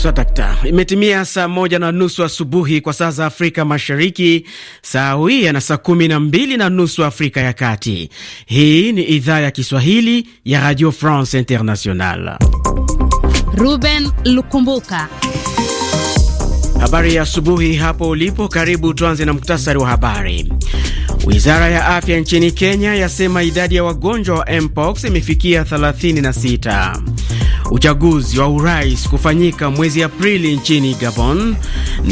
Swatakta. Imetimia saa moja na nusu asubuhi kwa saa za Afrika Mashariki, wia na saa kumi na mbili na nusu Afrika ya Kati. Hii ni idhaa ya Kiswahili ya Radio France International. Ruben Lukumbuka, habari ya asubuhi hapo ulipo. Karibu tuanze na muktasari wa habari. Wizara ya afya nchini Kenya yasema idadi ya wagonjwa wa mpox imefikia 36 uchaguzi wa urais kufanyika mwezi Aprili nchini Gabon,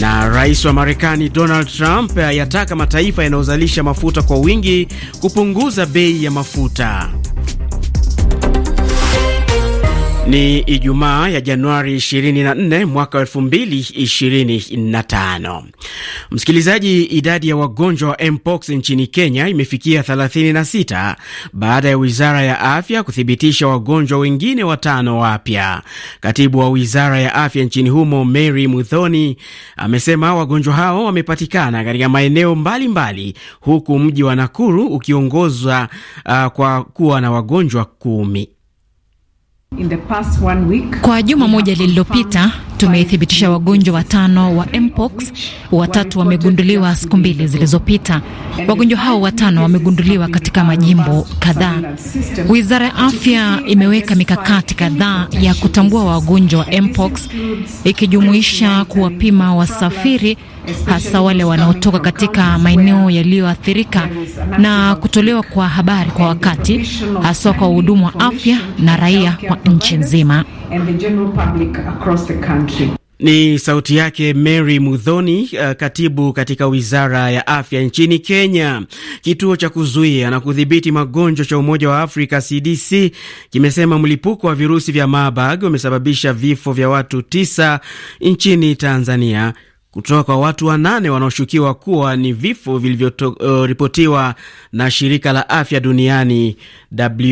na rais wa Marekani Donald Trump yataka mataifa yanayozalisha mafuta kwa wingi kupunguza bei ya mafuta. Ni Ijumaa ya Januari 24 mwaka 2025. Msikilizaji, idadi ya wagonjwa wa mpox nchini Kenya imefikia 36 baada ya wizara ya afya kuthibitisha wagonjwa wengine watano wapya. Katibu wa wizara ya afya nchini humo Mary Muthoni amesema wagonjwa hao wamepatikana katika maeneo mbalimbali mbali, huku mji wa Nakuru ukiongozwa uh, kwa kuwa na wagonjwa kumi kwa juma moja lililopita tumeithibitisha wagonjwa watano wa mpox, watatu wamegunduliwa siku mbili zilizopita. Wagonjwa hao watano wamegunduliwa katika majimbo kadhaa. Wizara ya Afya imeweka mikakati kadhaa ya kutambua wagonjwa wa mpox, ikijumuisha kuwapima wasafiri hasa wale wanaotoka katika maeneo yaliyoathirika na kutolewa kwa habari kwa wakati, hasa kwa wahudumu wa afya na raia wa nchi nzima. Ni sauti yake Mary Mudhoni, uh, katibu katika wizara ya afya nchini Kenya. Kituo cha kuzuia na kudhibiti magonjwa cha Umoja wa Afrika CDC kimesema mlipuko wa virusi vya Marburg umesababisha vifo vya watu tisa nchini Tanzania kutoka kwa watu wanane wanaoshukiwa kuwa ni vifo vilivyoripotiwa uh, na shirika la afya duniani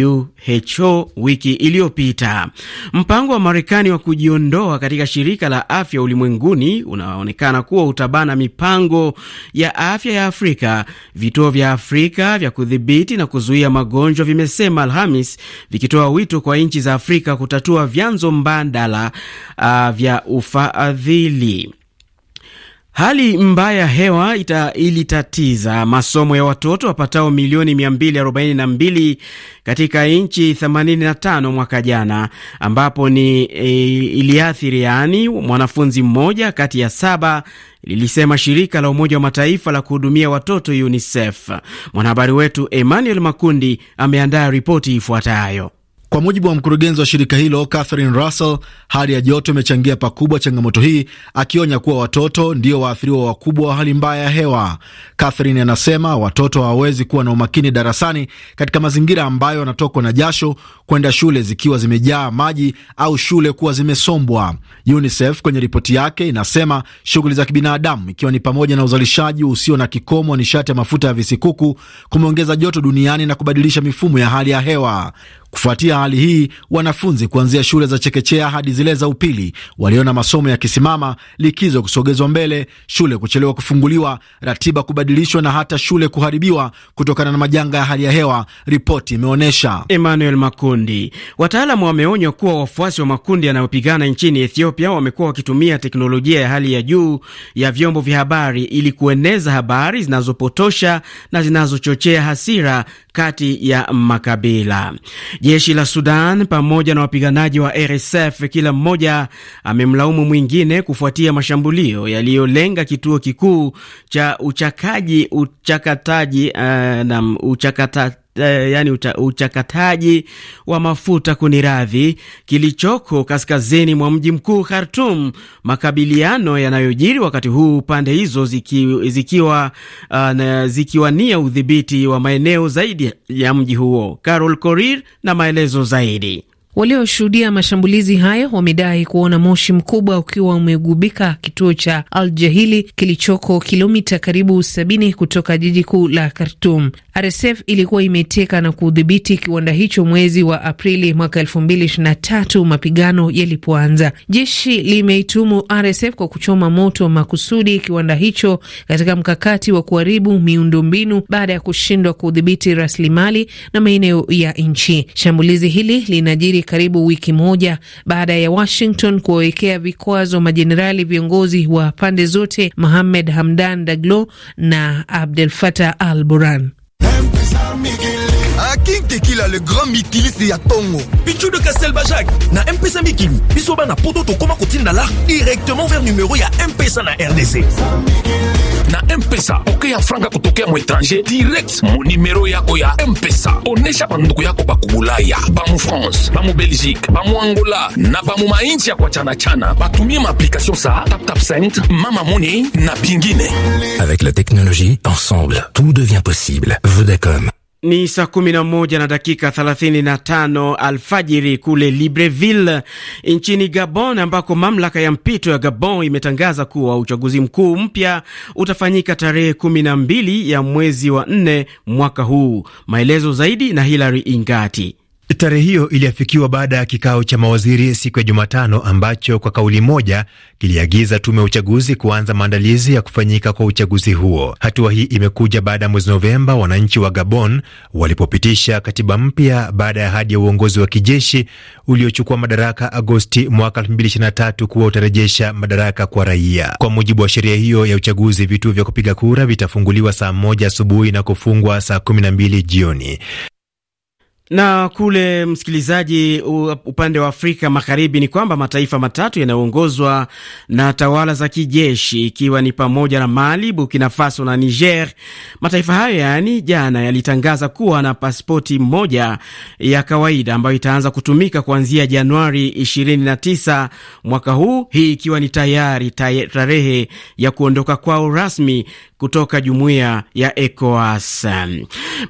WHO wiki iliyopita. Mpango wa Marekani wa kujiondoa katika shirika la afya ulimwenguni unaonekana kuwa utabana mipango ya afya ya Afrika. Vituo vya Afrika vya kudhibiti na kuzuia magonjwa vimesema Alhamis, vikitoa wito kwa nchi za Afrika kutatua vyanzo mbadala uh, vya ufadhili. Hali mbaya ya hewa ita, ilitatiza masomo ya watoto wapatao milioni 242 katika nchi 85 mwaka jana, ambapo ni e, iliathiri yaani mwanafunzi mmoja kati ya saba, lilisema shirika la Umoja wa Mataifa la kuhudumia watoto UNICEF. Mwanahabari wetu Emmanuel Makundi ameandaa ripoti ifuatayo. Kwa mujibu wa mkurugenzi wa shirika hilo Catherine Russell, hali ya joto imechangia pakubwa changamoto hii, akionya kuwa watoto ndio waathiriwa wakubwa wa hali mbaya ya hewa. Catherine anasema watoto hawawezi kuwa na umakini darasani katika mazingira ambayo wanatokwa na jasho, kwenda shule zikiwa zimejaa maji au shule kuwa zimesombwa. UNICEF kwenye ripoti yake inasema shughuli za kibinadamu, ikiwa ni pamoja na uzalishaji usio na kikomo wa nishati ya mafuta ya visikuku, kumeongeza joto duniani na kubadilisha mifumo ya hali ya hewa. Kufuatia hali hii, wanafunzi kuanzia shule za chekechea hadi zile za upili waliona masomo yakisimama, likizo kusogezwa mbele, shule kuchelewa kufunguliwa, ratiba kubadilishwa na hata shule kuharibiwa kutokana na majanga ya hali ya hewa, ripoti imeonyesha. Emmanuel Makundi. Wataalamu wameonywa kuwa wafuasi wa makundi yanayopigana nchini Ethiopia wamekuwa wakitumia teknolojia ya hali ya juu ya vyombo vya habari ili kueneza habari zinazopotosha na zinazochochea hasira kati ya makabila. Jeshi la Sudan pamoja na wapiganaji wa RSF kila mmoja amemlaumu mwingine kufuatia mashambulio yaliyolenga kituo kikuu cha uchakaji uchakataji uh, na uchakataji Eh, yani ucha, uchakataji wa mafuta kuniradhi, kilichoko kaskazini mwa mji mkuu Khartoum, makabiliano yanayojiri wakati huu pande hizo ziki, zikiwa uh, zikiwania udhibiti wa maeneo zaidi ya mji huo. Carol Korir na maelezo zaidi. Walioshuhudia mashambulizi hayo wamedai kuona moshi mkubwa ukiwa umegubika kituo cha Al Jahili kilichoko kilomita karibu sabini kutoka jiji kuu la Khartum. RSF ilikuwa imeteka na kudhibiti kiwanda hicho mwezi wa Aprili mwaka elfu mbili ishirini na tatu mapigano yalipoanza. Jeshi limeitumu RSF kwa kuchoma moto makusudi kiwanda hicho katika mkakati wa kuharibu miundombinu baada ya kushindwa kudhibiti rasilimali na maeneo ya nchi. Shambulizi hili linajiri karibu wiki moja baada ya Washington kuwawekea vikwazo majenerali viongozi wa pande zote Mohamed Hamdan Daglo na Abdel Fattah al Burhan. akinkekila le grand mikilisi ya tongo de castel bajak na mpesa mikili biso bana poto tokoma kotinda kotindala directement vers numero ya mpesa na RDC na mpesa okeya franga kutokea muetranger direct mo numero yako ya mpesa onesha banduku yako bakubulaya bamu france bamu belgique bamu angola na bamu mainchi ya kuachanachana batumie Tap sa taptapcent mama money na bingine avec la technologie ensemble tout devient possible vodacom Ni saa 11 na dakika 35 alfajiri kule Libreville nchini Gabon, ambako mamlaka ya mpito ya Gabon imetangaza kuwa uchaguzi mkuu mpya utafanyika tarehe 12 ya mwezi wa 4 mwaka huu. Maelezo zaidi na Hilary Ingati. Tarehe hiyo iliafikiwa baada ya kikao cha mawaziri siku ya Jumatano ambacho kwa kauli moja kiliagiza tume ya uchaguzi kuanza maandalizi ya kufanyika kwa uchaguzi huo. Hatua hii imekuja baada ya mwezi Novemba wananchi wa Gabon walipopitisha katiba mpya baada ya hadi ya uongozi wa kijeshi uliochukua madaraka Agosti mwaka 2023 kuwa utarejesha madaraka kwa raia. Kwa mujibu wa sheria hiyo ya uchaguzi, vituo vya kupiga kura vitafunguliwa saa moja asubuhi na kufungwa saa 12 jioni. Na kule msikilizaji, upande wa Afrika Magharibi ni kwamba mataifa matatu yanayoongozwa na tawala za kijeshi ikiwa ni pamoja na Mali, Burkina Faso na Niger. Mataifa hayo yaani jana yalitangaza kuwa na pasipoti moja ya kawaida ambayo itaanza kutumika kuanzia Januari 29 mwaka huu, hii ikiwa ni tayari tarehe ya kuondoka kwao rasmi kutoka jumuiya ya ECOWAS.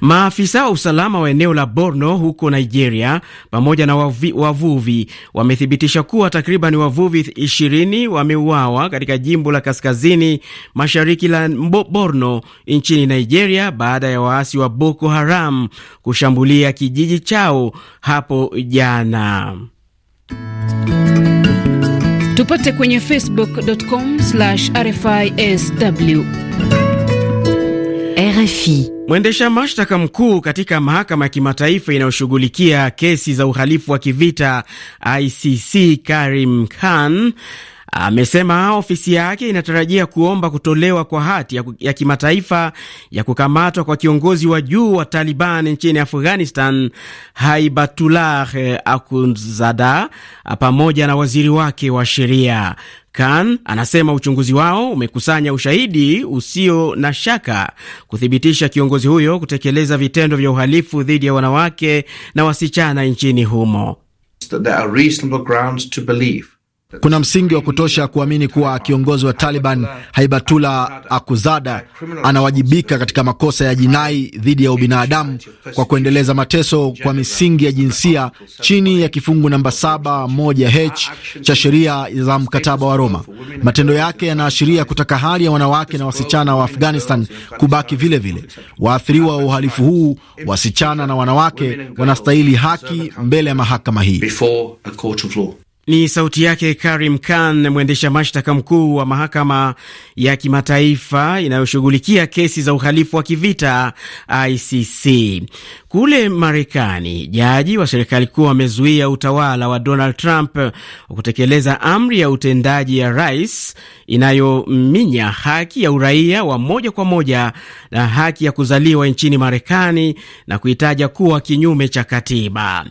Maafisa wa usalama wa eneo la Borno huko Nigeria pamoja na wavi, wavuvi wamethibitisha kuwa takriban wavuvi ishirini wameuawa katika jimbo la kaskazini mashariki la Mbo, Borno nchini Nigeria baada ya waasi wa Boko Haram kushambulia kijiji chao hapo jana. Tupate kwenye facebook.com RFISW. RFI. Mwendesha mashtaka mkuu katika mahakama ya kimataifa inayoshughulikia kesi za uhalifu wa kivita ICC Karim Khan amesema ofisi yake inatarajia kuomba kutolewa kwa hati ya, ya kimataifa ya kukamatwa kwa kiongozi wa juu wa Taliban nchini Afghanistan Haibatullah Akunzada, pamoja na waziri wake wa sheria. Khan anasema uchunguzi wao umekusanya ushahidi usio na shaka kuthibitisha kiongozi huyo kutekeleza vitendo vya uhalifu dhidi ya wanawake na wasichana nchini humo. There are reasonable grounds to believe kuna msingi wa kutosha kuamini kuwa kiongozi wa Taliban Haibatullah Akuzada anawajibika katika makosa ya jinai dhidi ya ubinadamu kwa kuendeleza mateso kwa misingi ya jinsia chini ya kifungu namba 7.1h cha sheria za mkataba wa Roma. Matendo yake yanaashiria kutaka hali ya wanawake na wasichana wa Afghanistan kubaki vile vile. Waathiriwa wa uhalifu huu, wasichana na wanawake, wanastahili haki mbele ya mahakama hii. Ni sauti yake Karim Khan, mwendesha mashtaka mkuu wa mahakama ya kimataifa inayoshughulikia kesi za uhalifu wa kivita ICC. Kule Marekani, jaji wa serikali kuu amezuia utawala wa Donald Trump wa kutekeleza amri ya utendaji ya rais inayominya haki ya uraia wa moja kwa moja na haki ya kuzaliwa nchini Marekani na kuitaja kuwa kinyume cha katiba.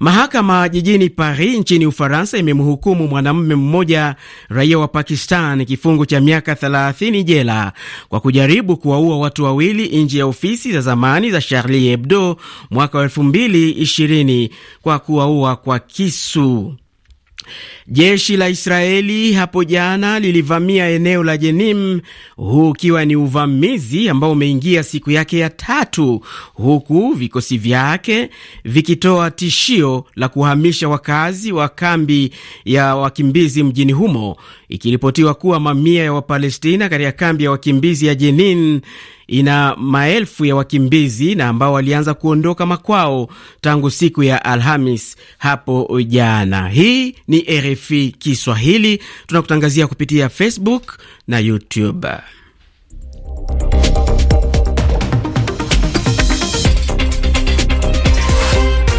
Mahakama jijini Paris nchini Ufaransa Ufaransa imemhukumu mwanamume mmoja raia wa Pakistan kifungo cha miaka 30 jela kwa kujaribu kuwaua watu wawili nje ya ofisi za zamani za Charlie Hebdo mwaka wa 2020 kwa kuwaua kwa kisu. Jeshi la Israeli hapo jana lilivamia eneo la Jenim, huu ukiwa ni uvamizi ambao umeingia siku yake ya tatu, huku vikosi vyake vikitoa tishio la kuhamisha wakazi wa kambi ya wakimbizi mjini humo, ikiripotiwa kuwa mamia ya Wapalestina katika kambi ya wakimbizi ya Jenin ina maelfu ya wakimbizi na ambao walianza kuondoka makwao tangu siku ya Alhamis hapo jana. Hii ni RFI Kiswahili, tunakutangazia kupitia Facebook na YouTube.